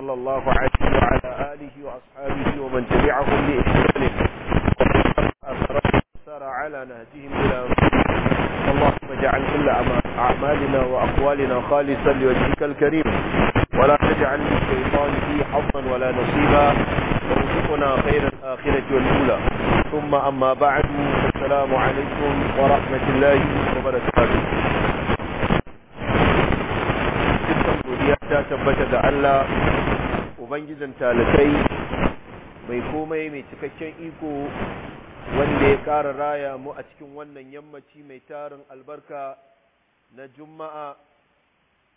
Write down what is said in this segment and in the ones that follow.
صلى الله عليه وعلى آله وأصحابه ومن تبعهم بإحسان سار على نهجهم إلى اللهم اجعل كل أعمالنا وأقوالنا خالصا لوجهك الكريم ولا تجعل للشيطان في حظا ولا نصيبا وارزقنا خير الآخرة والأولى ثم أما بعد السلام عليكم ورحمة الله وبركاته Allah ubangijin talakai mai komai mai cikakken iko wanda ya ƙara raya mu a cikin wannan yammaci mai tarin albarka na juma'a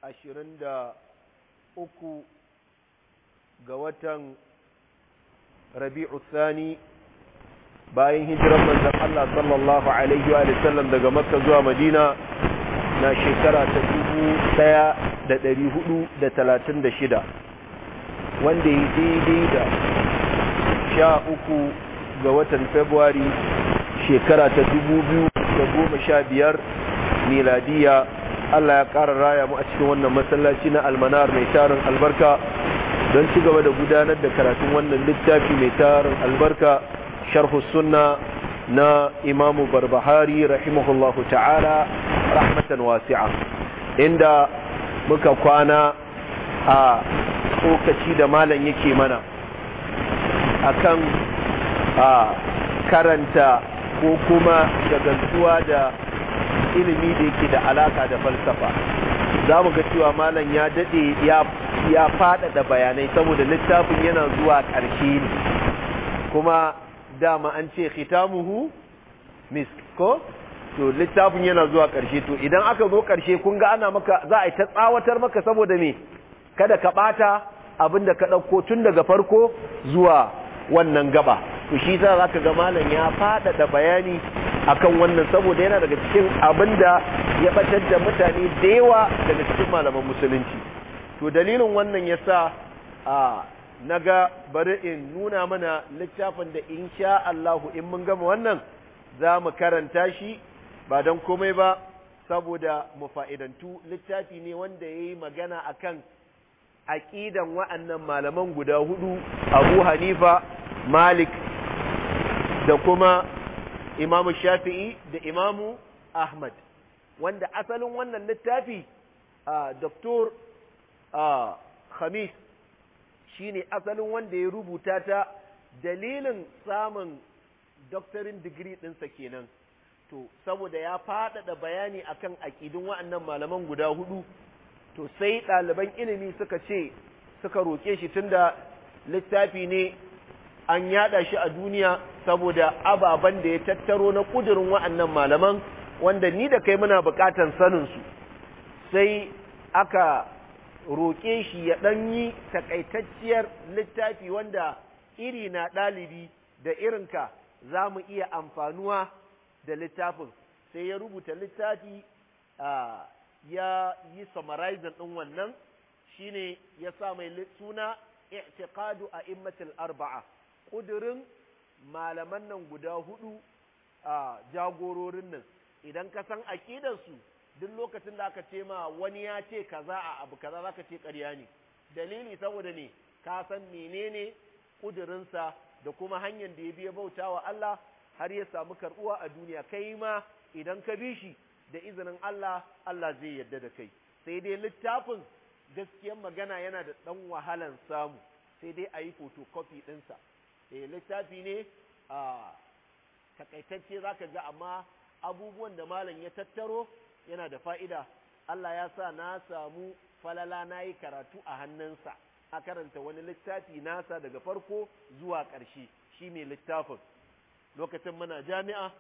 ashirin da uku ga watan rabi'u sani bayan hijirar manzan Allah sallallahu alaihi wa sallam daga makka zuwa madina na shekara ta dubu daya da ɗari hudu da talatin da shida wanda ya daidai da sha uku ga watan february shekara ta dubu biyu da goma sha biyar miladiya allah ya ƙara raya mu a cikin wannan masallaci na almanar mai tarin albarka don ci gaba da gudanar da karatun wannan littafi mai tarin albarka sharhu sunna na imamu barbahari rahimahullahu ta'ala rahmatan wasi'a inda muka kwana a tsokaci da malam yake mana akan a karanta ko kuma shagaltuwa da ilimi da yake da alaka da falsafa za mu ga cewa malam ya daɗe ya da bayanai saboda littafin yana zuwa ƙarshe ne kuma dama an ce hitamuhu misko. to littafin yana zuwa ƙarshe to idan aka zo ƙarshe kun ga ana maka za a yi ta tsawatar maka saboda me kada ka ɓata abin da ka ɗauko tun daga farko zuwa wannan gaba to shi za za ka ga malam ya faɗaɗa bayani akan wannan saboda yana daga cikin abin da ya ɓatar da mutane da yawa daga cikin malaman musulunci to dalilin wannan ya sa a na ga bari in nuna mana littafin da insha Allahu in mun gama wannan za mu karanta shi ba don komai ba saboda mafa'idantu littafi ne wanda ya yi magana a kan aƙidan wa'annan malaman guda hudu abu hanifa malik da kuma imamu shafi'i da imamu ahmad wanda asalin wannan littafi a doktor khamis shi ne asalin wanda ya rubuta ta dalilin samun doktorin digiri ɗinsa kenan. to saboda ya faɗaɗa bayani akan aƙidun wa'annan malaman guda hudu to sai ɗaliban ilimi suka ce suka roƙe shi tunda littafi ne an yaɗa shi a duniya saboda ababen da ya tattaro na ƙudurin wa'annan malaman wanda ni da kai muna buƙatan saninsu sai aka roƙe shi ya ɗan yi takaitacciyar littafi wanda iri na ɗalibi da irinka za mu iya amfanuwa da littafin sai ya rubuta littafi ya yi summarizing ɗin wannan shine ya sa mai suna i'tiqadu a immatul arba'a ƙudurin malaman nan guda hudu a jagororin nan idan ka san aƙidarsu duk lokacin da aka ce ma wani ya ce kaza a abu kaza zaka ce ƙarya ne dalili saboda ne ka san menene ƙudurinsa da kuma hanyar da ya biya wa Allah har ya samu karɓuwa a duniya kai ma idan ka bi shi da izinin Allah Allah zai yarda da kai sai dai littafin gaskiyar magana yana da ɗan wahalan samu sai dai a yi photocopy ɗinsa eh littafi ne a takaitacce ka ga amma abubuwan da malam ya tattaro yana da fa'ida Allah ya sa na samu falala na yi karatu a hannunsa a karanta wani littafi nasa daga farko zuwa ƙarshe shi mai littafin lokacin muna jami'a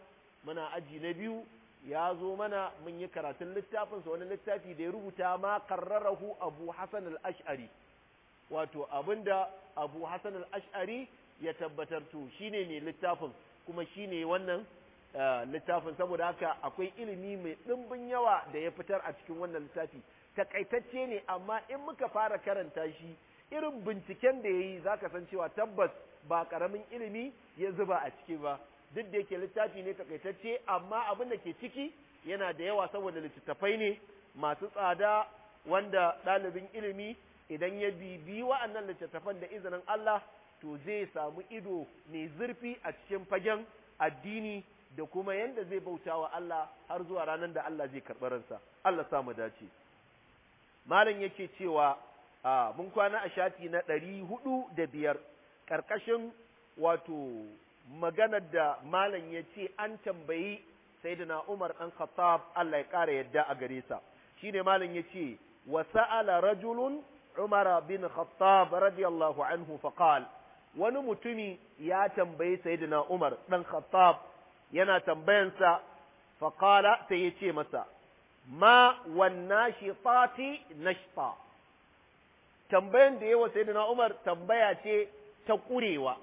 muna aji na biyu ya zo mana mun yi karatun littafinsa wani littafi da ya rubuta ma karrarahu abu hasan al-ash'ari wato abinda abu hasan al-ash'ari ya tabbatar to shine mai littafin kuma shine wannan eh, littafin saboda haka akwai ilimi mai ɗimbin yawa da ya fitar a cikin wannan littafi takaitacce ne amma in muka fara karanta shi irin binciken da ya yi za ka san cewa tabbas ba karamin ilimi ya zuba a ciki ba duk da yake littafi ne takaitacce amma abin da ke ciki yana da yawa saboda littattafai ne masu tsada wanda ɗalibin ilimi idan ya bibi wa'annan littattafan da izinin Allah to zai samu ido mai zurfi a cikin fagen addini da kuma yanda zai bauta wa Allah har zuwa ranar da Allah zai karɓi ransa Allah samu dace malam yake cewa ah, mun kwana a shafi na ɗari huɗu da biyar ƙarƙashin wato maganar da malam ya ce an tambayi sayyidina Umar ɗan Khattab Allah ya ƙara yadda a gare sa shine malam ya ce wa sa'ala rajulun Umar bin Khattab radiyallahu anhu faqal wani mutumi ya tambayi sayyidina Umar ɗan Khattab yana tambayansa faqala sai ya ce masa ma shifati nashta tambayan da yawa sayyidina Umar tambaya ce ta ƙurewa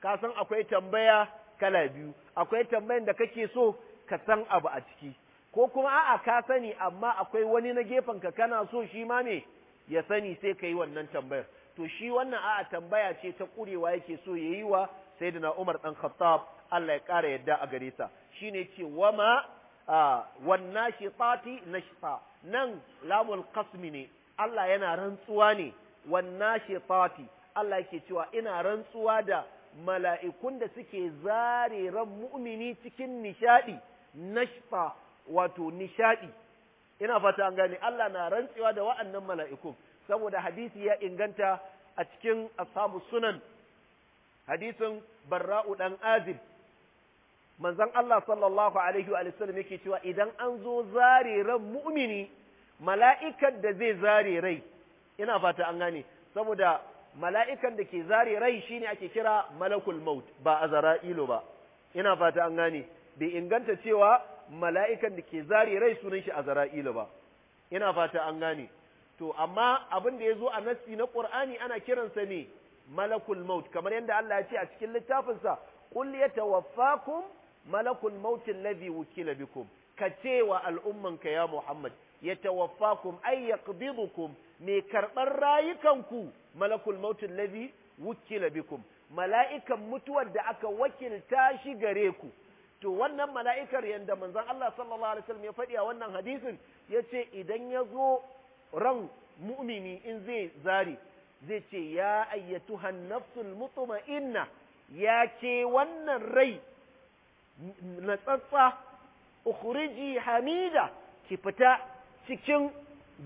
ka san akwai tambaya kala biyu akwai tambayan da kake so ka san abu a ciki ko kuma a'a ka sani amma akwai wani na gefen ka kana so shi ma me ya sani sai ka yi wannan tambayar to shi wannan a'a tambaya ce ta ƙurewa yake so ya yi wa sai na Umar ɗan Khattab Allah ya ƙara yadda a gare sa ne ce ma wanna na nashta nan lamul kasmi ne Allah yana rantsuwa ne wanna shitati Allah yake cewa ina rantsuwa da mala'ikun da suke zare ran mu'mini cikin nishadi nashfa wato nishadi ina fata an gane Allah na rantsuwa da wa'annan mala'ikun saboda hadisi ya inganta a cikin ashabu sunan hadisin barra'u dan azib manzon Allah sallallahu alaihi wa sallam yake cewa idan an zo zare ran mu'mini mala'ikar da zai zare rai ina fata an gane saboda mala'ikan da ke zare rai shine ake kira malakul maut ba azara'ilu ba ina fata an gane bai inganta cewa mala'ikan da ke zare rai sunan shi azara'ilu ba ina fata an gane to amma abin da ya zo a nassi na qur'ani ana kiransa ne malakul maut kamar yadda Allah ya ce a cikin littafinsa qul yatawaffakum malakul maut alladhi wukila bikum ka ce cewa al'ummanka ya Muhammad yatawaffakum ay yaqbidukum me rayukan rayukanku malakul mautin ladhi wukila bikum mala'ikan mutuwar da aka wakilta shi gare ku to wannan mala'ikar yanda manzon Allah sallallahu alaihi wasallam ya faɗi a wannan hadisin yace idan ya zo ran mu'mini in zai zari zai ce ya ayyatuhan nafsul mutma'inna ya ce wannan rai natsatsa ukuriji hamida ki fita cikin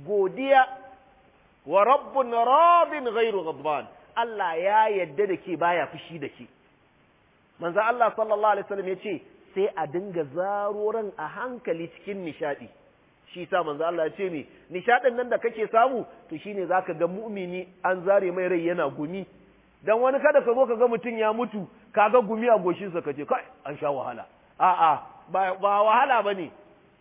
godiya wa rabbun radin ghairu ghadban Allah ya yadda da ke baya fushi da ke manzo Allah sallallahu alaihi wasallam yace sai a dinga zaroran a hankali cikin nishadi shi sa manzo Allah ya ce ni nishadin nan da kake samu to shine zaka ga mu'mini an zare mai rai yana gumi dan wani kada ka zo ka ga mutun ya mutu ka ga gumi a goshin sa kaje kai an sha wahala a'a ba, ba wahala bane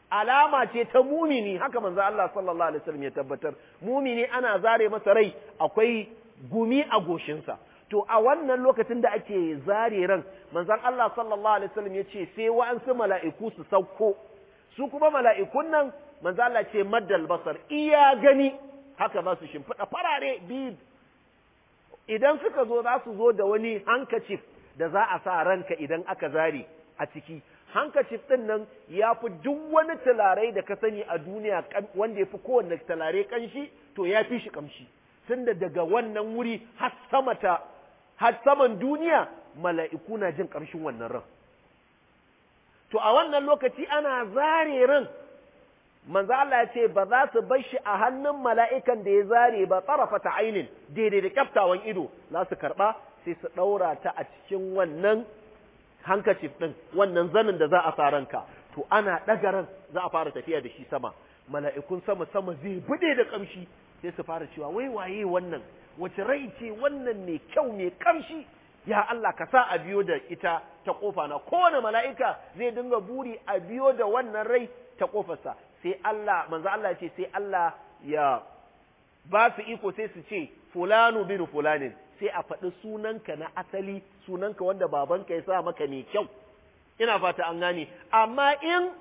alama ce ta mumini haka manzo Allah sallallahu alaihi wasallam ya tabbatar mumini ana zare masa rai akwai gumi a goshinsa to a wannan lokacin da ake zare ran manzon Allah sallallahu alaihi wasallam ya ce sai wa'ansu mala'iku su sauko su kuma mala'ikun nan manzo Allah ce maddal basar iya gani haka za su shimfiɗa farare bi idan suka zo za su zo da wani hankacif da za a sa ranka idan aka zare a ciki hankacif ɗin nan ya fi duk wani talarai da ka sani a duniya wanda ya fi kowanne talarai ƙanshi to ya fi shi ƙamshi tunda daga wannan wuri har saman duniya mala'iku na jin ƙamshin wannan ran to a wannan lokaci ana zare ran manzo Allah ce ba za su bar shi a hannun mala'ikan da ya zare ba tsarafa ta ainin daidai da kyaftawan ido za su karɓa sai su ɗaura ta a cikin wannan handkerchief ɗin wannan zanin da za a sa ranka to ana ɗaga ran za a fara tafiya da shi sama mala'ikun sama sama zai bude da kamshi sai su fara cewa wai waye wannan wace rai ce wannan ne kyau mai kamshi ya Allah ka sa a biyo da ita ta kofa na kowane mala'ika zai dinga buri a biyo da wannan rai ta kofarsa sai Allah manzo Allah ce sai Allah ya ba su iko sai su ce fulanu bin fulanin sai a faɗi sunanka na asali sunanka wanda babanka ya sa maka mai kyau ina fata an gane amma in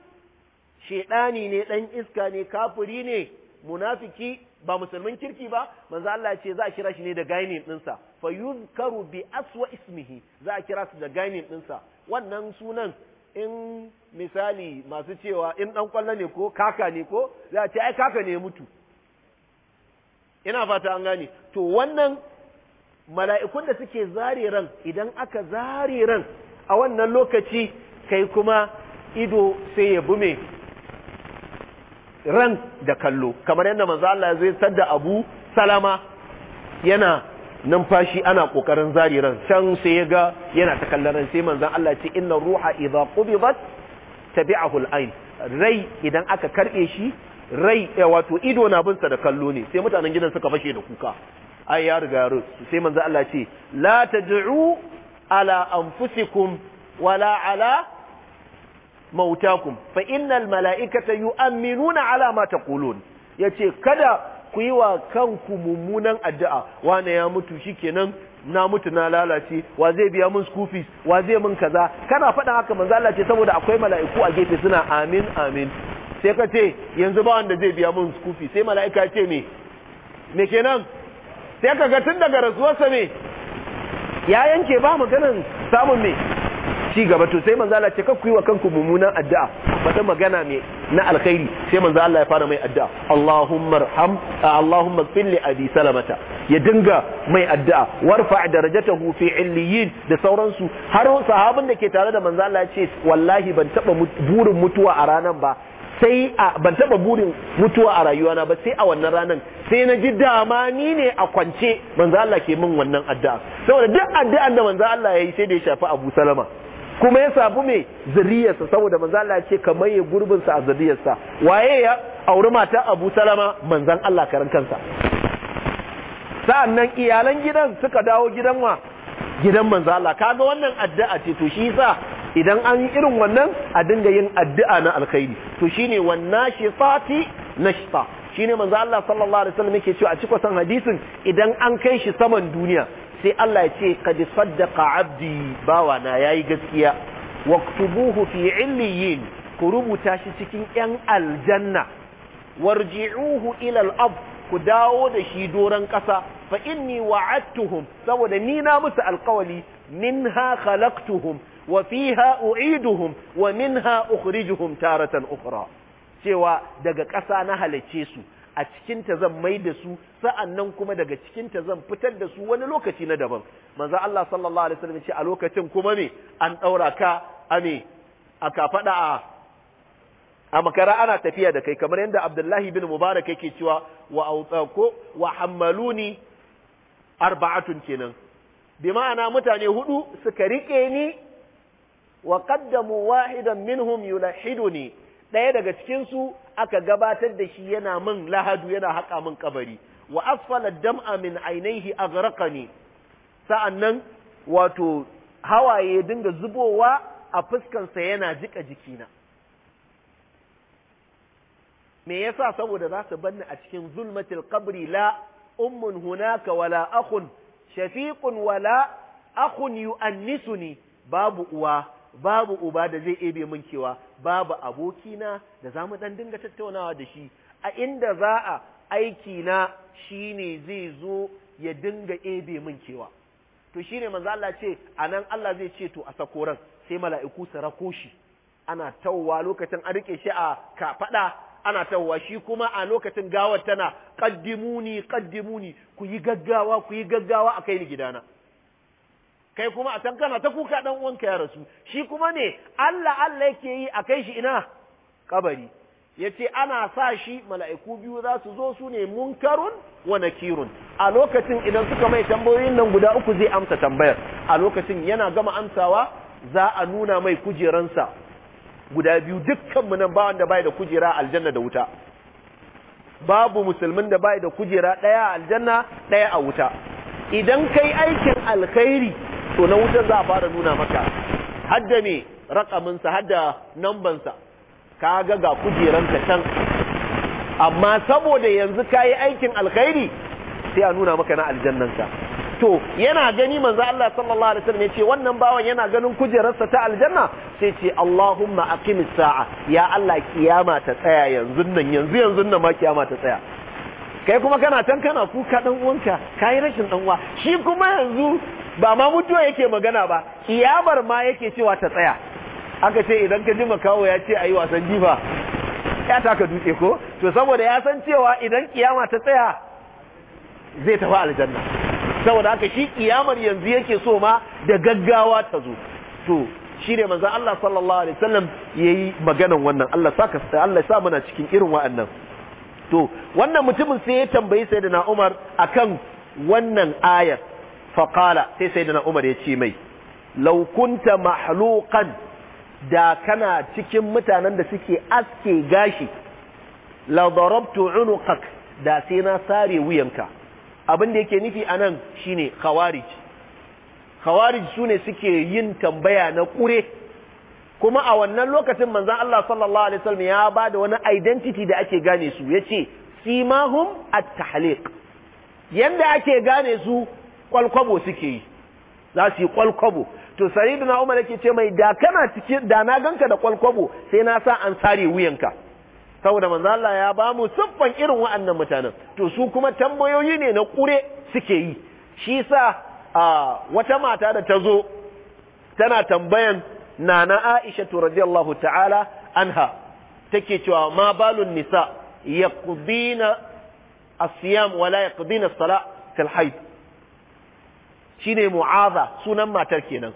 shedani ne dan iska ne kafuri ne munafiki ba musulmin kirki ba manzo Allah ce za a kira shi ne da din dinsa fa yuzkaru bi aswa ismihi za a kira shi da din dinsa wannan sunan in misali masu cewa in dan kwallo ne ko kaka ne ko za a ce ai kaka ne mutu ina fata an gane to wannan mala'ikun da suke zare ran idan aka zare ran a wannan lokaci kai kuma ido sai ya bume ran da kallo kamar yadda manzo Allah zai sadda Abu Salama yana numfashi ana kokarin zare ran can sai ya ga yana ta kallon sai manzan Allah ce inna ruha idza qubidat tabi a hul'ain rai idan aka karbe shi rai eh, wato ido na binsa da kallo ne sai mutanen gidan suka fashe da kuka ai ya riga sai manzo Allah ce la tad'u ala anfusikum wala ala mautakum fa innal mala'ikata yu'minuna ala ma taqulun yace kada ku yi wa kanku mummunan addu'a wane ya mutu shikenan na mutu na lalace wa zai biya mun school fees wa zai mun kaza kana faɗan haka manzo Allah ce saboda akwai mala'iku a gefe suna amin amin sai ka ce yanzu ba wanda zai biya mun skufi sai mala'ika ce me me kenan sai ga tun daga rasuwarsa me ya yanke ba maganin samun me ci gaba to sai manzala ce ka wa kanku mummunan addu'a wata magana me na alkhairi sai manzo Allah ya fara mai addu'a Allahumma arham Allahumma ighfir li abi salamata ya dinga mai addu'a warfa darajatahu fi illiyin da sauransu har sahabin da ke tare da manzo Allah ya ce wallahi ban taba burin mutuwa a ranan ba sai a ban taba burin mutuwa a rayuwana ba sai a wannan ranan sai na ji dama ni ne a kwance manzo Allah ke min wannan addu'a saboda duk addu'an da manzo Allah yayi sai da ya shafi Abu Salama kuma ya sabu mai zuriyarsa saboda manzo Allah ce ka maye gurbin sa a zuriyarsa waye ya auri mata Abu Salama manzon Allah karan kansa sa'annan iyalan gidan suka dawo gidan wa gidan manzo Allah kaga wannan addu'a ce to shi yasa idan an yi irin wannan a dinga yin addu'a na alkhairi to shine wannan shifa shi shine manzo Allah sallallahu alaihi wasallam yake cewa a cikin san hadisin idan an kai shi saman duniya sai Allah ya ce ka saddaqa abdi bawa na yayi gaskiya waktubuhu fi illiyin ku rubuta shi cikin yan aljanna warji'uhu ila al-ab ku dawo da shi doron ƙasa fa inni wa'adtuhum saboda ni na musu alqawli minha khalaqtuhum Wafiha وفيها أعيدهم ومنها أخرجهم تارة أخرى cewa daga ƙasa na halicce su a cikinta zan mai da su nan kuma daga cikinta zan fitar da su wani lokaci na daban Manza Allah sallallahu alaihi ce a lokacin kuma ne an daura ka ame a kafada a makara ana tafiya da kai kamar yadda Abdullahi bin Mubaraka yake cewa wa autako wa arba'atun kenan bi ma'ana mutane huɗu suka riƙe ni wa qaddamu wahidan minhum yulahiduni ɗaya daga cikin su aka gabatar da shi yana min lahadu yana haƙa min kabari wa asfala dam'a min ainihi aghraqani sa'annan wato hawaye dinga zubowa a fuskansa yana jika jikina me yasa saboda za su banni a cikin zulmatil qabri la ummun hunaka wala akhun shafiqun wala akhun yu'annisuni babu uwa babu uba da zai ebe min cewa babu abokina da za mu ɗan dinga tattaunawa da shi a inda za a aikina shi ne zai zo ya dinga ebe min cewa to shine manzo Allah ce anan Allah zai ce to a sakoran sai mala'iku su rako shi ana tawwa lokacin a rike shi a kafaɗa ana tawwa shi kuma a lokacin gawar tana qaddimuni qaddimuni ku yi gaggawa ku yi gaggawa akai ni gidana kai kuma a can ta kuka dan uwanka ya rasu shi kuma ne Allah Allah yake yi a kai shi ina kabari yace ana sa shi mala'iku biyu za su zo su ne munkarun wa nakirun a lokacin idan suka mai tambayoyin nan guda uku zai amsa tambayar a lokacin yana gama amsawa za a nuna mai kujeransa guda biyu dukkanmu nan ba wanda bai da kujera aljanna da wuta babu musulmin da bai da kujera daya aljanna daya a wuta idan kai aikin alkhairi to na wutar za a fara nuna maka hadda ne rakaminsa hadda nambansa ka ga ga kujeranka can amma saboda yanzu ka yi aikin alkhairi sai a nuna maka na aljannanka to yana gani manzo Allah sallallahu alaihi wasallam yace wannan bawan yana ganin kujerarsa ta aljanna sai ce Allahumma aqimis sa'a ya Allah kiyama ta tsaya yanzu nan yanzu yanzu nan ma kiyama ta tsaya kai kuma kana can kana kuka dan uwanka kai rashin dan uwa shi kuma yanzu ba ma mutuwa yake magana ba kiyamar ma yake cewa ta tsaya aka ce idan ka ji makawo ya ce a yi wasan jifa ya taka dutse ko to saboda ya san cewa idan kiyama ta tsaya zai tafi aljanna saboda haka shi kiyamar yanzu yake so ma da gaggawa ta zo to shi ne manzan Allah sallallahu alaihi wasallam ya yi maganan wannan Allah sa muna cikin irin wa'annan to wannan mutumin sai ya tambayi da sayyidina Umar akan wannan ayar faƙala sai sai umar ya ce mai laukunta mahlukan da kana cikin mutanen da suke aske gashi darabtu unukak da sai na sare wuyanka abin da yake nufi anan shine khawarij khawarij sune suke yin tambaya na kure kuma a wannan lokacin manzan Allah sallallahu Alaihi wasallam ya ba da wani identity da ake gane su yace ce simahum at-tahliq yanda ake gane su kwalkwabo suke yi za su yi kwalkwabo to sayyidina umar yake ce mai da kana cikin da na ganka da kwalkwabo sai na sa an sare wuyanka saboda manzo Allah ya ba mu siffan irin wa'annan mutanen to su kuma tambayoyi ne na kure suke yi shi sa wata mata da ta zo tana tambayan nana Aisha radiyallahu ta'ala anha take cewa ma balun nisa yaqdina asiyam wala yaqdina as-salat fil shine mu'aza sunan matar kenan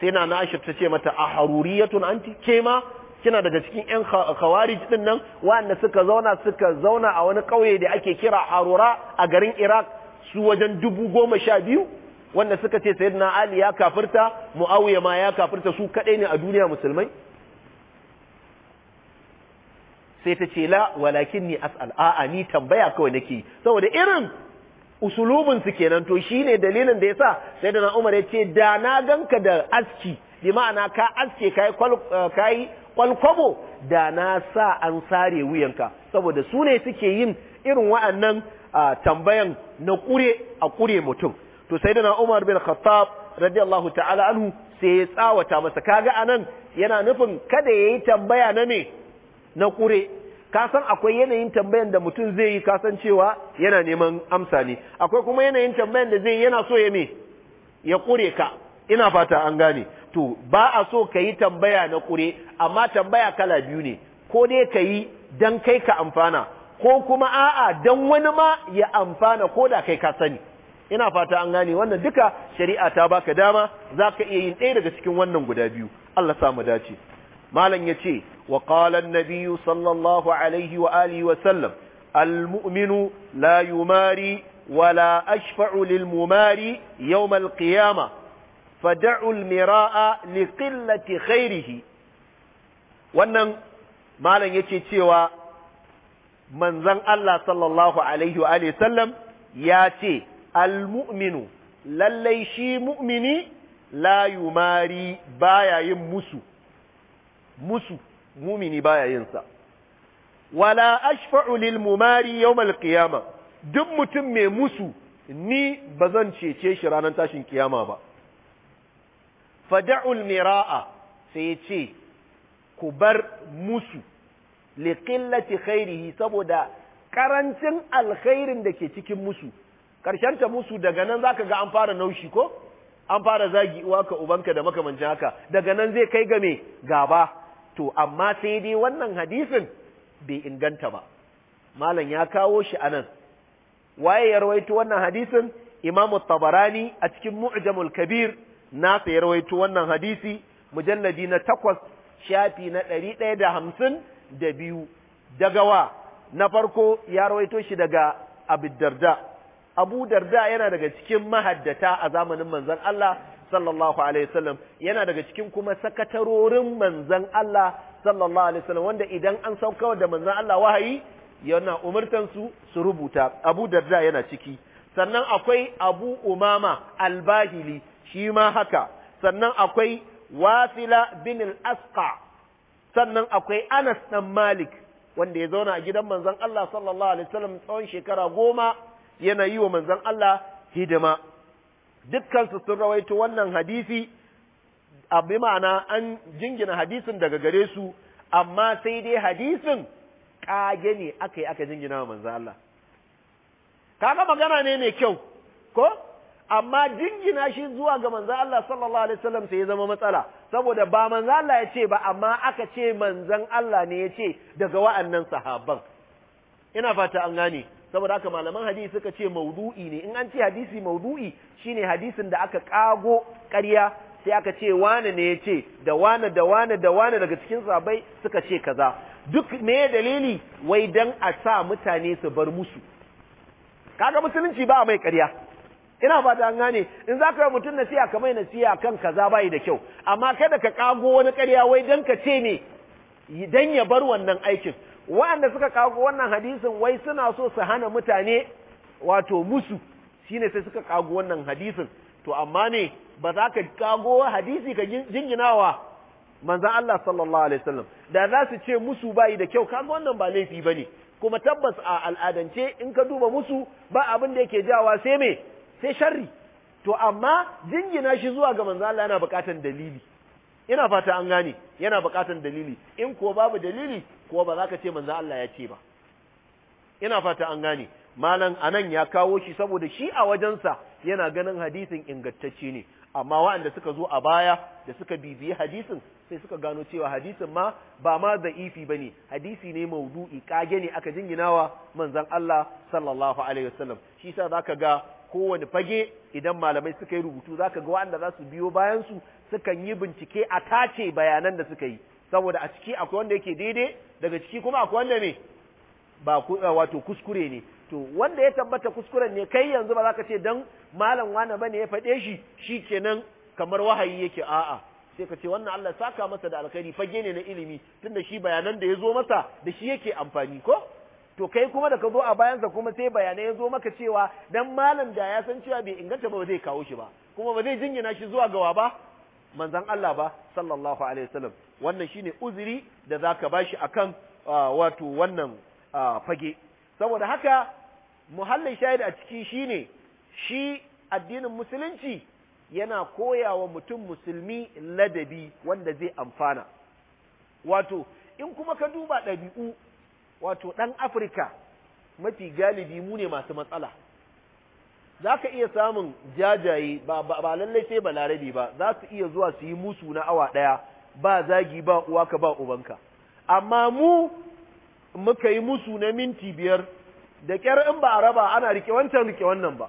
sai na na ta ce mata a haruriyatun anti kema ma kina daga cikin yan khawarij din nan wanda suka zauna suka zauna a wani kauye da ake kira harura a garin iraq su wajen dubu goma sha biyu wanda suka ce sayyidina ali ya kafirta muawiya ma ya kafirta su kadai ne a duniya musulmai sai ta ce la walakin ni as'al a'a ni tambaya kawai nake saboda irin usulubinsu kenan to shine dalilin da yasa na Umar ya ce da na ganka da aski bi ma'ana ka aske kai kai eh, kwalkwabo da na sa an sare wuyanka saboda su ne suke yin irin wa'annan tambayan na kure a kure mutum to na Umar bin Khattab radiyallahu ta'ala anhu sai ya tsawata masa kaga anan yana nufin kada yayi tambaya na ne na kure Kasan akwai yanayin tambayan da mutum zai yi kasancewa yana neman amsa ne akwai kuma yanayin tambayan da zai yana so ya me ya kure ka ina fata an gane to ba a so ka yi tambaya na kure amma tambaya kala biyu ne ko dai ka yi don kai ka amfana ko kuma a'a don wani ma ya amfana ko da kai ka sani ina fata an gane wannan duka shari'a ta baka dama za ka iya yin ɗaya daga cikin wannan guda biyu Allah sa mu dace malam ya ce وقال النبي صلى الله عليه وآله وسلم المؤمن لا يماري ولا أشفع للمماري يوم القيامة فدعوا المراء لقلة خيره wannan malam yake cewa manzon Allah sallallahu alaihi wa sallam ya ce almu'minu lallai shi mu'mini la yumari baya yin musu musu mumini baya yin sa wala ashfa'u lil mumari yawmal qiyama duk mutum mai musu ni bazan cece shi ranar tashin kiyama ba fad'u al mira'a sai ku bar musu li qillati khairihi saboda karancin alkhairin da ke cikin musu ta musu daga nan zaka ga an fara naushi ko an fara zagi uwa ka ubanka da makamancin haka daga nan zai kai ga me gaba to amma sai dai wannan hadisin bai inganta ba malam ya kawo shi anan waye ya rawaito wannan hadisin imamu tabarani a cikin mu'jamul kabir nasa ya rawaito wannan hadisi mujalladi na takwas shafi na ɗari ɗaya da hamsin da biyu daga wa na farko ya rawaito shi daga abu darda abu darda yana daga cikin mahaddata a zamanin manzon Allah sallallahu alaihi wasallam yana daga cikin kuma sakatarorin manzan Allah sallallahu alaihi wasallam wanda idan an saukar da manzon Allah wahayi yana umurtan su su rubuta Abu Darda yana ciki sannan akwai Abu Umama Al-Bahili shi ma haka sannan akwai Wasila bin Al-Asqa sannan akwai Anas dan Malik wanda ya zauna a gidan manzan Allah sallallahu alaihi wasallam tsawon shekara goma yana yi wa manzon Allah hidima dukkansu sun rawaito wannan hadisi bi ma'ana an jingina hadisin daga gare su amma sai dai hadisin kage ne aka yi aka jingina wa manzo Allah kaga magana ne mai kyau ko amma jingina shi zuwa ga manzo Allah sallallahu alaihi wasallam sai ya zama matsala saboda ba manzo Allah ya ce ba amma aka ce manzon Allah ne ya ce daga wa'annan sahabban ina fata an gane saboda haka malaman hadisi suka ce maudu'i ne in an ce hadisi maudu'i shine hadisin da aka kago ƙarya sai aka ce wane ne ya ce da wane da wane da wane daga cikin sabai suka ce kaza duk me dalili wai dan a sa mutane su bar musu kaga musulunci ba mai ƙarya ina fata an gane in za ka yi mutum nasiya ka mai nasiya kan kaza bayi da kyau amma kada ka kago wani ƙarya wai dan ka ce ne dan ya bar wannan aikin wa'anda suka kago wannan hadisin wai suna so su hana mutane wato musu shine sai suka kago wannan hadisin to amma ne ba za ka kago hadisi ka jinginawa manzan Allah sallallahu alaihi wasallam da za su ce musu bai da kyau kaga wannan ba laifi bane kuma tabbas a al'adance in ka duba musu ba abin da yake jawa sai me sai sharri to amma jingina shi zuwa ga manzan Allah yana bukatan dalili ina fata an gane yana bukatan dalili in ko babu dalili Kuwa ba za ka ce manzan Allah ya ce ba ina fata an gane malam anan ya kawo shi saboda shi a wajensa yana ganin hadisin ingantacce ne amma waɗanda suka zo a baya da suka bibiyi hadisin sai suka gano cewa hadisin ma ba ma za'ifi ne. hadisi ne maudu'i kage ne aka jinginawa manzan Allah sallallahu alaihi wasallam shi yasa ka ga kowane fage idan malamai suka yi rubutu Za ka ga waɗanda za su biyo bayansu sukan yi bincike a tace bayanan da suka yi saboda a ciki akwai wanda yake daidai daga ciki kuma akwai wanda ne ba eh, wato kuskure ne to wanda ya tabbata kuskuren ne kai yanzu ba za ka ce dan malam wani bane ya faɗe shi shi kenan kamar wahayi yake a'a sai ka ce wannan Allah saka masa da alkhairi fage ne na ilimi tunda shi bayanan da ya zo masa da shi yake amfani ko to kai kuma da ka zo a bayansa kuma sai bayanai ya zo maka cewa dan malam da ya san cewa bai inganta ba zai kawo shi ba kuma ba zai jingina shi zuwa gawa ba manzan Allah ba sallallahu alaihi wasallam wannan shine uzuri da zaka bashi akan wato wannan fage saboda haka muhallin shahid a ciki shine shi addinin musulunci yana koyawa mutum musulmi ladabi wanda zai amfana wato in kuma ka duba ɗabi'u wato ɗan afirka mafi galibi mu ne masu matsala za ka iya samun jajaye ba lallai sai ba larabe ba za su iya zuwa su yi musu na awa ɗaya ba zagi ba uwa ka ba ubanka amma mu muka yi musu na minti biyar da ƙyar in ba a raba ana rike wancan rike wannan ba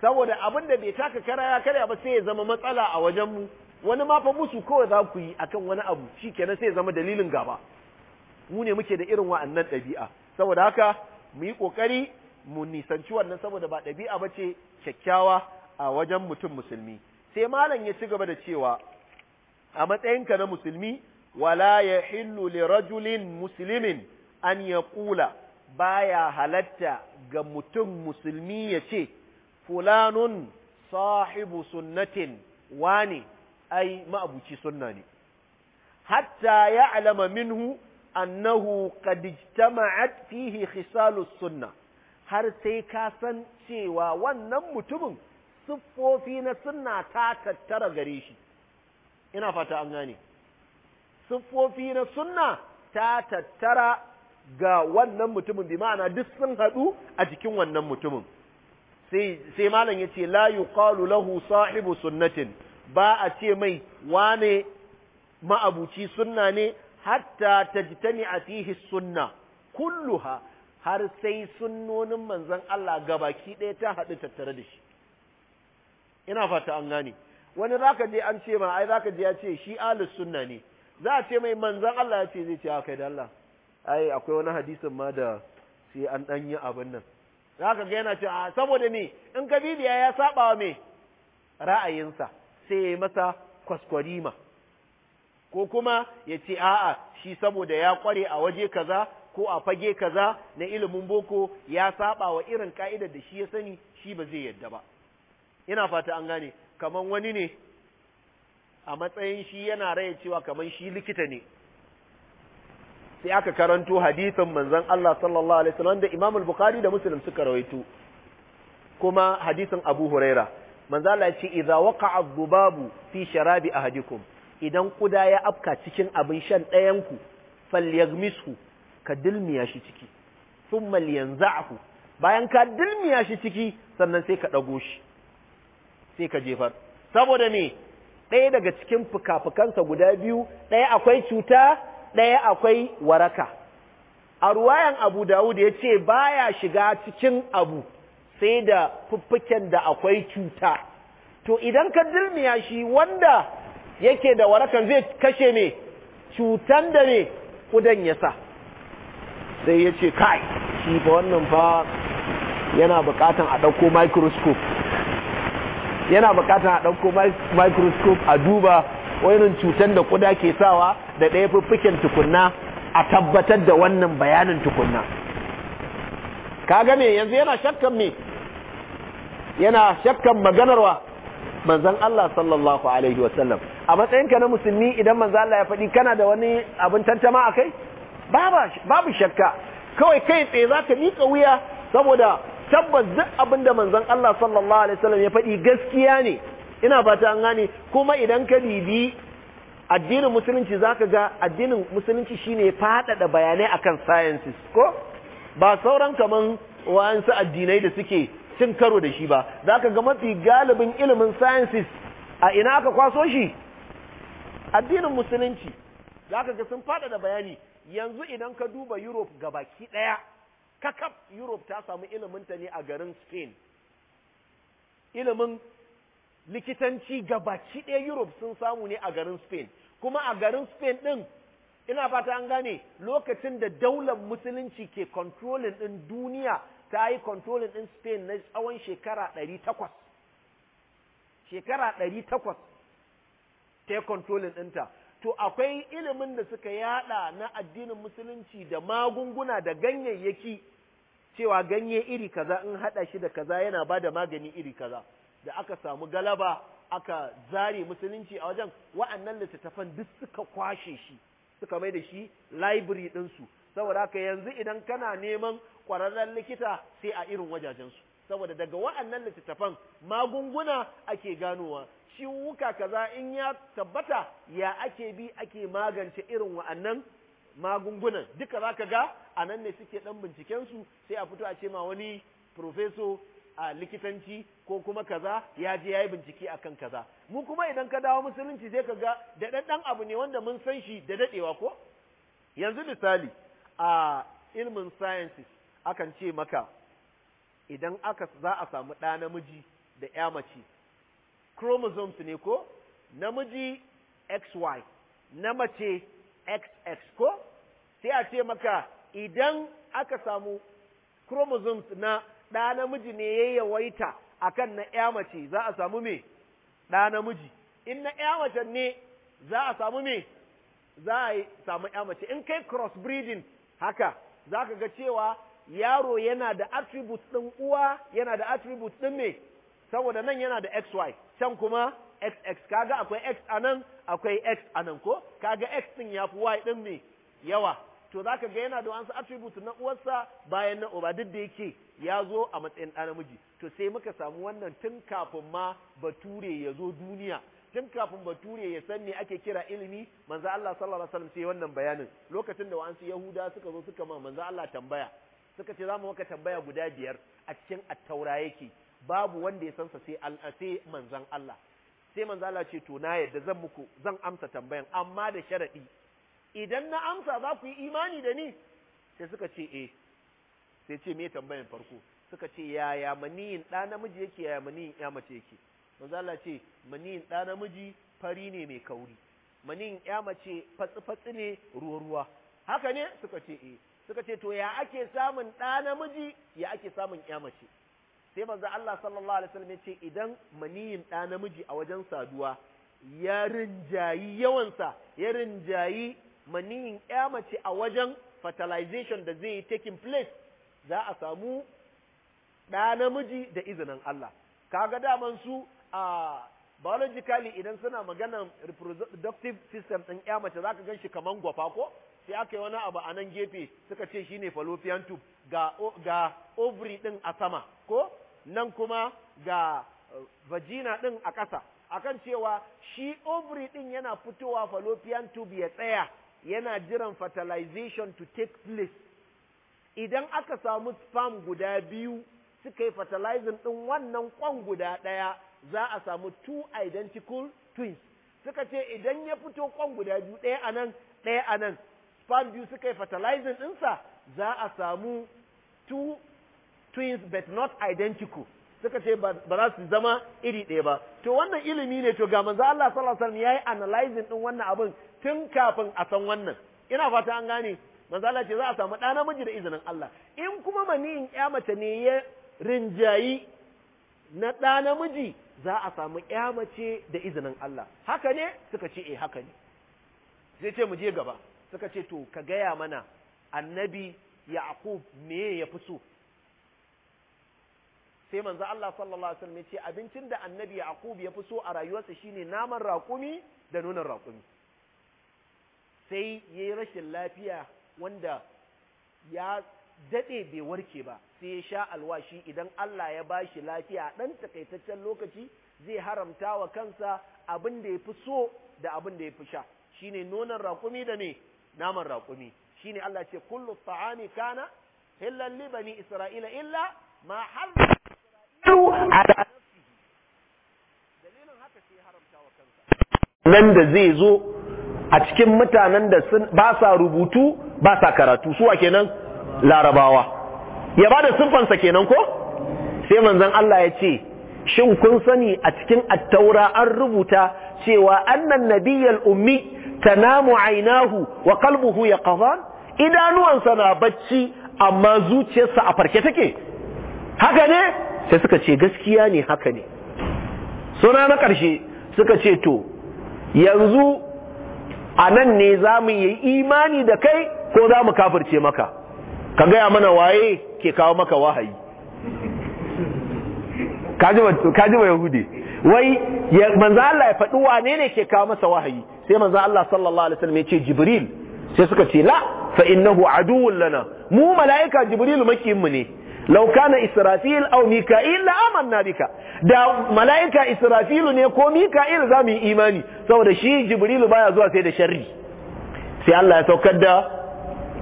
saboda abin da bai taka kara ya karya ba sai ya zama matsala a wajen mu wani ma fa musu kawai za ku yi akan wani abu shi kenan sai ya zama dalilin gaba mu ne muke da irin wa'annan ɗabi'a saboda haka mu yi ƙoƙari mu nisanci wannan saboda ba ɗabi'a ba ce kyakkyawa a wajen mutum musulmi sai malam ya ci gaba da cewa a matsayinka na musulmi wala ya hillu li rajulin musulmin an ya kula baya halatta ga mutum musulmi ya ce fulanun sahibu sunnatin wane ai ma'abuci sunna ne hatta ya alama minhu annahu qad ijtama'at fihi khisalus sunnah har sai ka san cewa wannan mutumin siffofi na sunna ta tattara gare shi ina fata an gane siffofi na sunna ta tattara ga wannan mutumin bi ma'ana duk sun haɗu a jikin wannan mutumin sai sai malam yace la yuqalu lahu sahibu sunnatin ba a ce mai wane ma'abuci sunna ne hatta tajtami'a fihi sunna kulluha har sai sunnonin manzon Allah gabaki ɗaya ta haɗu tattare da shi ina fata an gane wani zaka je an ce ma ai zaka je ya ce shi ahlus sunna ne za a ce mai manzon Allah ya ce zai ce haka ah, da Allah ai akwai wani hadisin ma da sai an dan yi abin nan zaka ga yana ce a ah, saboda me in ka bibiya ya saba wa me ra'ayinsa sai ya masa kwaskwarima ko kuma ya ce a'a shi saboda ya kware a waje kaza ko a fage kaza na ilimin boko ya saba wa irin ka'idar da shi ya sani shi ba zai yadda ba ina fata an gane kaman wani ne a matsayin shi yana raya cewa kaman shi likita ne sai aka karanto hadisin manzon Allah sallallahu alaihi wasallam da Imam al-Bukhari da Muslim suka rawaito kuma hadisin Abu Huraira manzo Allah ya ce idza waqa'a dhubabu fi sharabi ahadikum idan kuda ya afka cikin abin shan ɗayan ku falyagmishu ka dilmiya shi ciki sun thumma liyanza'hu bayan ka dilmiya shi ciki sannan sai ka ɗago shi sai ka jefar saboda me ɗaya daga cikin fuka-fukansa guda biyu ɗaya akwai cuta ɗaya akwai waraka a ruwayan abu dawud ya ce ba ya shiga cikin abu sai da fuffuken da akwai cuta to idan ka dilmiya shi wanda yake da warakan zai kashe ne cutan da ne kudan ya sa sai ya ce kai shi fa wannan fa yana bukatan a ɗauko microscope yana bukatan a dauko microscope a duba wayannan cutan da kuda ke sawa da ɗaya fiffiken tukunna a tabbatar da wannan bayanin tukunna kaga me yanzu yana shakkan me yana shakkan maganarwa manzon Allah sallallahu alaihi wasallam a matsayinka na musulmi idan manzon Allah ya faɗi kana da wani abin tantama akai babu shakka kawai kai tsaye za ka miƙa wuya saboda tabbas duk abin da manzon Allah sallallahu alaihi wasallam ya faɗi gaskiya ne ina fata an gane kuma idan ka bibi addinin musulunci zaka ga addinin musulunci shine faɗaɗa bayanai akan sciences ko ba sauran kaman wa'ansu addinai da suke cin karo da shi ba zaka ga mafi galibin ilimin sciences a ina aka kwaso shi addinin musulunci zaka ga sun faɗaɗa bayani yanzu idan ka duba Europe ga baki ɗaya kakaf Europe ta samu iliminta ne a garin Spain ilimin likitanci ga baki ɗaya Europe sun samu ne a garin Spain kuma a garin Spain ɗin ina fata an gane lokacin da daular musulunci ke controlling ɗin duniya ta yi controlling ɗin Spain na tsawon shekara ɗari takwas shekara ɗari ta yi controlling ɗinta to akwai ilimin da suka yada na addinin musulunci da magunguna da ganyayyaki cewa ganye iri kaza in hada shi da kaza yana ba da magani iri kaza da aka samu galaba aka zare musulunci a wajen wa'annan littattafan duk suka kwashe shi suka mai da shi library ɗinsu saboda haka yanzu idan kana neman kwararren likita sai a irin wajajensu saboda daga wa'annan littattafan magunguna ake ganowa ciwuka kaza in ya tabbata ya ake bi ake magance irin wa'annan magungunan duka za ka ga a nan ne suke ɗan su sai a fito a ce ma wani profeso a likitanci ko kuma kaza ya je ya yi bincike akan kaza mu kuma idan ka dawo musulunci sai ka ga daɗaɗɗen abu ne wanda mun san shi da daɗewa ko yanzu misali a ilmin sciences akan ce maka idan aka za a samu ɗa namiji da ya mace chromosomes ne ko namiji xy na mace xx ko sai a ce maka idan aka samu chromosomes na ɗa namiji ne ya yawaita akan na ya mace za a samu me ɗa namiji in na ya mace ne za a samu me za a samu ya mace in kai cross breeding haka za ka ga cewa yaro yana da attributes ɗin uwa yana da attributes ɗin me saboda nan yana da xy can kuma xx kaga akwai x anan akwai x anan ko kaga x din yafi y din me yawa to zaka ga yana da wasu attribute na uwarsa bayan na uba duk da yake ya zo a matsayin ɗan namiji to sai muka samu wannan tun kafin ma bature ya zo duniya tun kafin bature ya san me ake kira ilimi manzo Allah sallallahu alaihi wasallam sai wannan bayanin lokacin da wa'ansu yahuda suka zo suka ma manzo Allah tambaya suka ce za zamu maka tambaya guda biyar a cikin attaura yake babu wanda ya sansa sai al'ase manzan Allah sai manzan Allah ce to na yadda zan muku zan amsa tambayan amma da sharadi idan na amsa za ku yi imani da ni sai suka ce eh sai ce me tambayan farko suka ce yaya maniyin ɗa namiji yake yaya maniyin ya mace yake manzan Allah ce maniyin ɗa namiji fari ne mai kauri maniyin ya mace fatsi fatsi ne ruwa ruwa haka ne suka ce eh suka ce to ya ake samun ɗa namiji ya ake samun ya mace sai manzo Allah sallallahu alaihi wasallam yace idan maniyin da namiji a wajen saduwa ya rinjayi yawansa ya rinjayi maniyin ya mace a wajen fertilization da zai taking place za a samu da namiji da izinin Allah kaga daman su a biologically idan suna maganan reproductive system din ya mace zaka gan shi kaman gwafa ko sai aka yi wani abu a nan gefe suka ce shine fallopian tube ga ga ovary din a sama ko nan kuma ga uh, vagina ɗin a ƙasa akan cewa shi ovary ɗin yana fitowa fallopian tube ya tsaya yana jiran fertilization to take place idan aka samu sperm guda biyu suka yi fertilizing ɗin wannan kwan guda ɗaya za a samu two identical twins suka ce idan ya fito kwan guda biyu ɗaya a nan ɗaya a nan sperm biyu suka yi fertilizing ɗinsa za a samu two twins but not identical suka ce ba za su zama iri ɗaya ba to wannan ilimi ne to ga manzo Allah sallallahu alaihi wasallam yayi analyzing din wannan abun tun kafin a san wannan ina fata an gane manzo Allah ce za a samu dana miji da izinin Allah in kuma maniyin ya mace ne ya rinjayi na dana miji za a samu ya mace da izinin Allah haka ne suka ce eh haka ne sai ce mu je gaba suka ce to ka gaya mana annabi yaqub me ya fi so sai manzo Allah sallallahu alaihi wasallam ya ce abincin da annabi Yaqub ya fi so a rayuwarsa shine naman raƙumi da nonon raƙumi sai yayi rashin lafiya wanda ya dade bai warke ba sai ya sha alwashi idan Allah ya bashi lafiya dan takaitaccen lokaci zai haramta wa kansa abin da ya fi so da abin da ya fi sha shine nonon raƙumi da ne naman raƙumi shine Allah ce kullu ta'ami kana hillal libani bani isra'ila illa ma har nan da zai zo a cikin mutanen da ba sa rubutu ba sa karatu suwa kenan larabawa ya ba da siffansa kenan ko sai manzon Allah ya ce shin kun sani a cikin attaura an rubuta cewa annan nabiyyal ummi tanamu ainahu wa ya kafa? idanuwansa na bacci amma zuciyarsa a farke take haka ne sai suka ce gaskiya ne haka ne suna na ƙarshe suka ce to yanzu a nan ne za mu yi imani da kai ko za mu kafirce maka ka gaya mana waye ke kawo maka wahayi kaji ba yahudi wai manza Allah ya faɗi wane ne ke kawo masa wahayi sai manza Allah sallallahu alaihi wasallam ya ce jibril sai suka ce la fa innahu aduwwun lana mu malaika jibril makiyin mu ne law kana israfil aw mika'il amanna bika da malaika Israfilu ne ko mika'il za mu yi imani saboda shi jibril baya zuwa sai da sharri sai Allah ya saukar da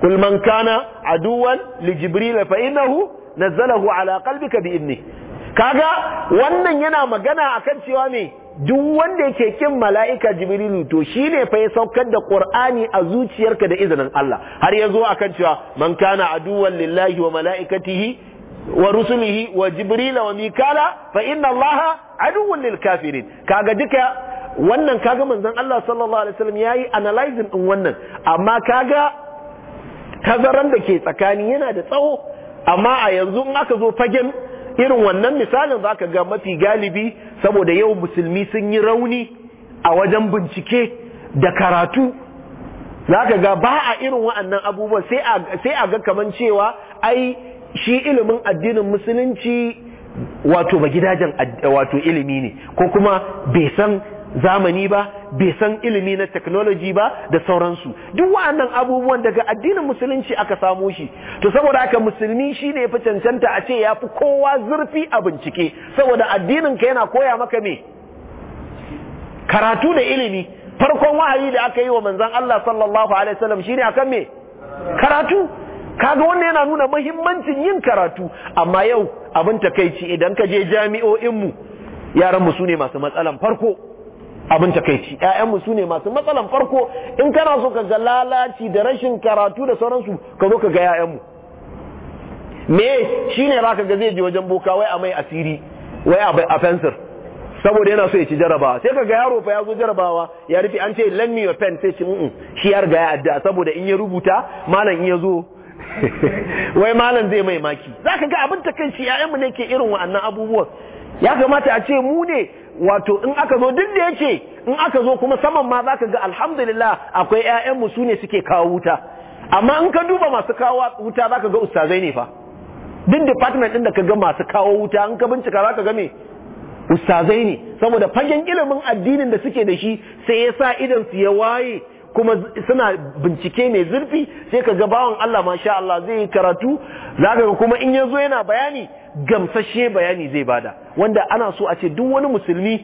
kul man kana aduwan li jibril fa innahu nazzalahu ala qalbika bi idni kaga wannan yana magana akan cewa me duk wanda yake ƙin mala'ika jibrilu to shine fa ya saukar da Ƙur'ani a zuciyarka da izinin Allah har ya zo akan cewa man kana aduwan lillahi wa mala'ikatihi wa rusulihi wa jibrila wa mikala fa inna allaha lil kafirin kaga duka wannan kaga manzon Allah sallallahu alaihi wasallam yayi analyzing din wannan amma kaga tazaran da ke tsakani yana da tsawo amma a yanzu in aka zo fagen irin wannan misalin zaka ga mafi galibi saboda yau musulmi sun yi rauni a wajen bincike da karatu zaka ga ba a irin wa'annan abubuwa sai a ga kaman cewa ai shi ilimin addinin musulunci wato ba gidajen wato ilimi ne ko kuma bai san zamani ba bai san ilimi na technology ba da sauransu duk wa'annan abubuwan daga addinin musulunci aka samu shi to saboda haka musulmi shi ne fi cancanta a ce ya fi kowa zurfi a bincike saboda addinin ka yana koya maka me karatu da ilimi farkon wahayi da aka yi wa manzon Allah sallallahu alaihi wasallam shine akan me karatu kaga wannan yana nuna mahimmancin yin karatu amma yau abin takeici idan ka je jami'o'inmu yaranmu su ne masu matsalan farko abin takeici ƴaƴanmu su ne masu matsalan farko in kana so ka ga lalaci da rashin karatu da sauransu ka zo ka ga ƴaƴanmu me shine zaka ga zai je wajen boka wai a mai asiri wai a fensir saboda yana so ya ci jarabawa sai ka ga yaro fa ya zo jarabawa ya rufe an ce lend me your pen sai ci shi ya riga ya adda saboda in ya rubuta malam in ya zo wai malam zai mai maki za ka ga abin 'ya'yan ‘ya'yanmu ne ke irin wa'annan abubuwan ya kamata a ce mu ne wato in aka zo duk da yake in aka zo kuma saman ma za ka ga alhamdulillah akwai ‘ya'yanmu su ne suke kawo wuta amma in ka duba masu kawo wuta za ka ga ustazai ne fa duk department ɗin da ka ga masu kawo wuta in ka bincika za ka ga me ustazai ne saboda fagen ilimin addinin da suke da shi sai ya sa idan su ya waye kuma suna bincike mai zurfi sai ka ga bawan Allah masha Allah zai yi karatu za ga kuma in yazo yana bayani gamsashe bayani zai bada wanda ana so a ce duk wani musulmi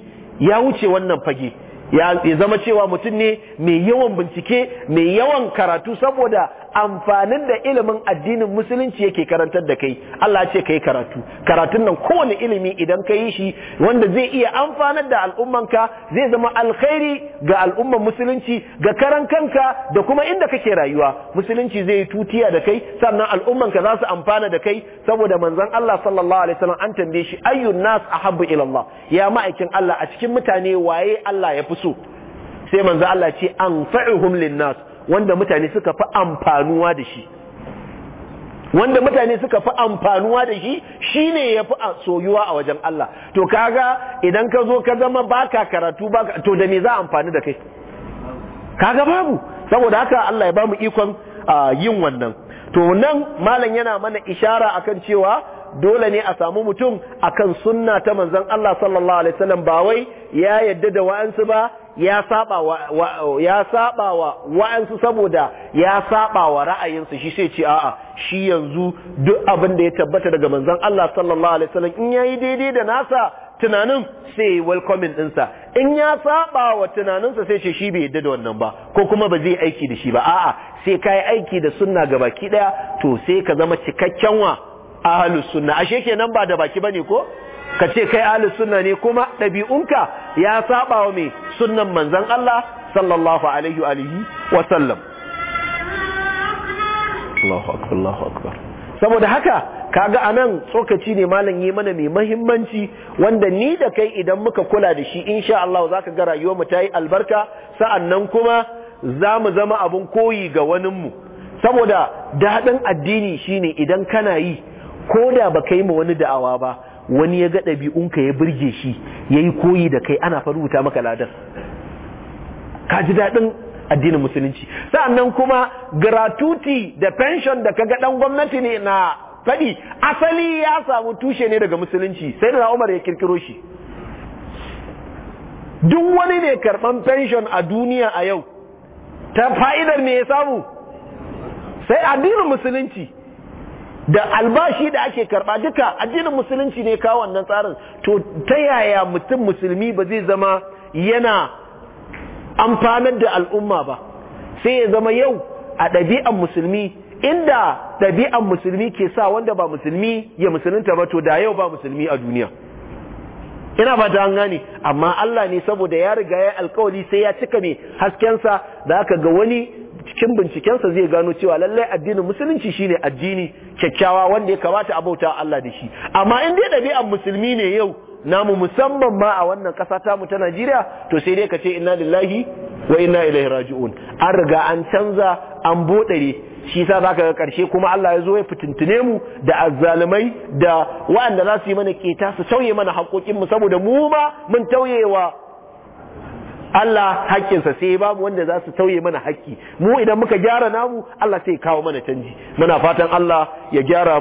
ya wuce wannan fage ya zama cewa mutum ne mai yawan bincike mai yawan karatu saboda amfanin da ilimin addinin musulunci yake karantar da kai Allah ce yi karatu karatun nan kowane ilimi idan ka yi shi wanda zai iya amfanar da al'ummanka zai zama alkhairi ga al'umman musulunci ga karan kanka da kuma inda kake rayuwa musulunci zai yi tutiya da kai sannan al'ummanka za su amfana da kai saboda manzon Allah sallallahu alaihi wasallam an tambaye shi ayyun nas ahabbu ila Allah ya ma'aikin Allah a cikin mutane waye Allah ya fi so sai manzo Allah ce anfa'uhum lin nas wanda mutane suka fi amfanuwa da shi wanda mutane suka fi amfanuwa da shi ne ya fi soyuwa a wajen Allah to kaga idan ka zo ka zama baka karatu baka to da me za amfani da kai kaga babu saboda haka Allah ya bamu ikon yin wannan to nan malam yana mana ishara akan cewa dole ne a samu mutum akan sunna ta manzon Allah sallallahu alaihi wasallam ba wai ya yadda da wa'ansu ba ya saba wa ya saba wa wa'ansu saboda ya saba wa ra'ayinsu shi sai ce a'a shi yanzu duk abin da ya tabbata daga manzon Allah sallallahu alaihi wasallam in yayi daidai da nasa tunanin sai welcoming ɗinsa in ya saba wa tunaninsa sai ce shi bai yadda da wannan ba ko kuma ba zai aiki da shi ba a'a sai kai aiki da sunna ga baki daya to sai ka zama cikakken wa ahlus sunna ashe kenan ba da baki bane ko ka ce kai ahli sunna ne kuma dabi'unka ya saba wa mai sunnan manzon Allah sallallahu alaihi wa alihi wa sallam Allahu akbar Allahu akbar saboda haka kaga anan tsokaci ne malam yi mana mai muhimmanci wanda ni da kai idan muka kula da shi insha Allah zaka ga rayuwar mu tayi albarka sa'annan kuma za mu zama abun koyi ga wanin mu saboda dadin addini shine idan kana yi ko da baka yi ma wani da'awa ba wani ya ga ɗabi'unka ya birge shi ya yi koyi da kai ana faruta maka ladar. ka ji daɗin addinin musulunci sa'annan kuma gratuity da pension da ka ga ɗan gwamnati ne na faɗi asali ya samu tushe ne daga musulunci sai da umar ya kirkiro shi duk wani ne karɓan pension a duniya a yau ta fa'idar ne ya samu sai addinin musulunci da albashi da ake karba duka addinin musulunci ne kawo wannan tsarin to ta yaya mutum musulmi ba zai zama yana amfanar da al'umma ba sai ya zama yau a ɗabi'an musulmi inda ɗabi'an musulmi ke sa wanda ba musulmi ya musulunta ba to da yau ba musulmi a duniya ina ba ta gane amma Allah ne saboda ya riga ya alkawari sai ya cika mai haskensa da aka ga wani cikin bincikensa zai gano cewa lallai addinin musulunci shine addini kyakkyawa wanda ya kamata a bauta Allah da shi amma in dai ɗabi'ar musulmi ne yau namu musamman ma a wannan ƙasa tamu ta Najeriya to sai dai ka ce inna lillahi wa inna ilaihi raji'un an riga an canza an bodare shi sa za ga ƙarshe kuma Allah ya zo ya fitintune mu da azzalumai da waɗanda za su yi mana keta su sauye mana mu saboda mu ma mun tauye wa Allah hakkinsa sai babu wanda za su tauye mana hakki mu idan muka gyara namu Allah sai kawo mana canji muna fatan Allah ya gyara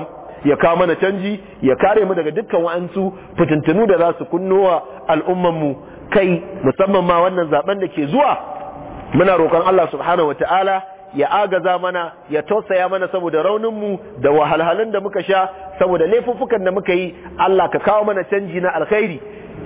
ya kawo mana canji ya kare mu daga dukkan wa'ansu fitintunu da za su kunnowa al'umman mu kai musamman ma wannan zaben da ke zuwa muna roƙon Allah subhanahu wataala ya agaza mana ya tausaya mana saboda raunin mu da wahalhalun da muka sha saboda laifuffukan da muka yi Allah ka kawo mana canji na alkhairi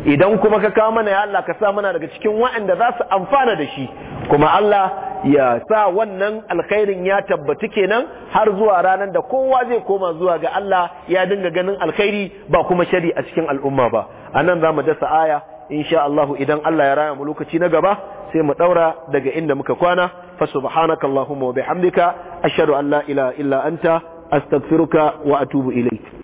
idan kuma ka kawo mana ya Allah ka sa mana daga cikin wa'anda za su amfana da shi kuma Allah ya sa wannan alkhairin ya tabbatu kenan har zuwa ranar da kowa zai koma zuwa ga Allah ya dinga ganin alkhairi ba kuma shari a cikin al'umma ba anan za mu dasa aya insha Allah idan Allah ya raya mu lokaci na gaba sai mu daura daga inda muka kwana fa subhanakallahumma wa bihamdika ashhadu an la ilaha illa anta astaghfiruka wa atubu ilayk